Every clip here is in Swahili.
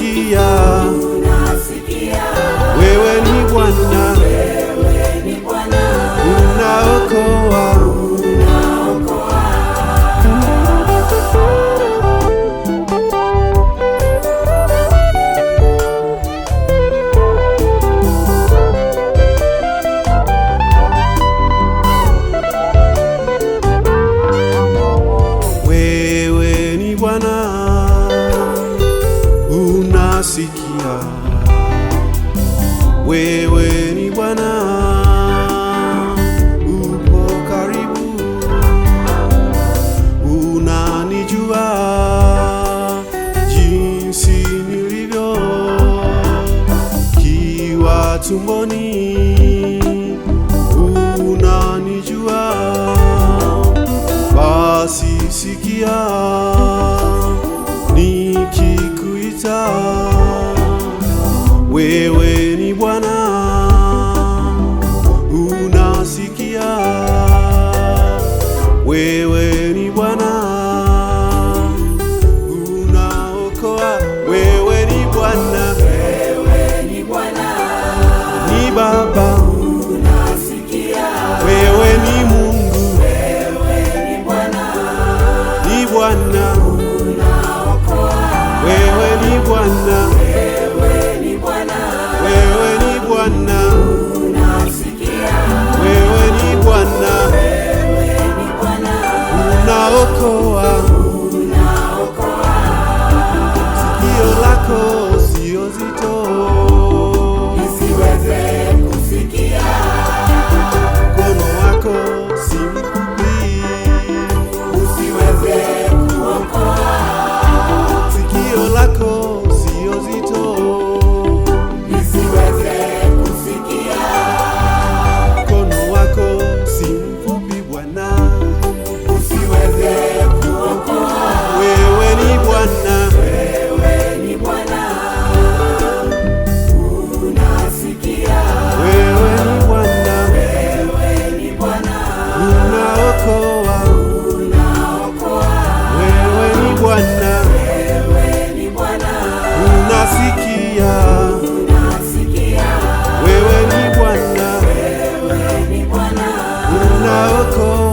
dia. wewe ni Bwana, upo karibu, unanijua jinsi nilivyo, kiwa tumboni, unanijua basi sikia nikikuita wewe Morocco.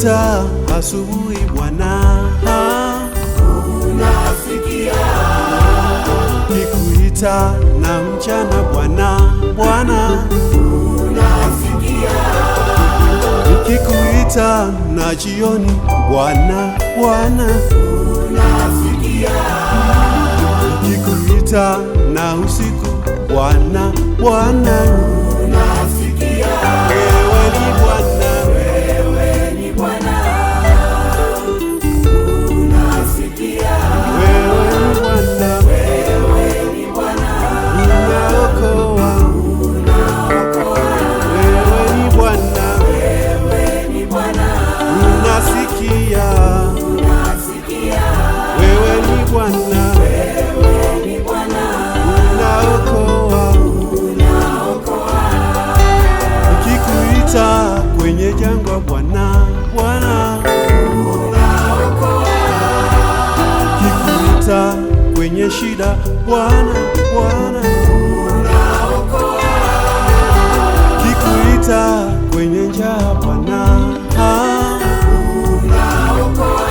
Unaita asubuhi Bwana, unasikia nikuita na mchana Bwana, Bwana unasikia nikikuita na jioni Bwana, Bwana unasikia nikikuita na usiku Bwana, Bwana Bwana, Bwana, Bwana kwenye shida Bwana, Bwana unaokoa, kwenye njaa Bwana unaokoa,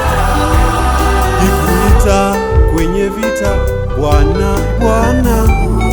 kwenye vita Bwana, Bwana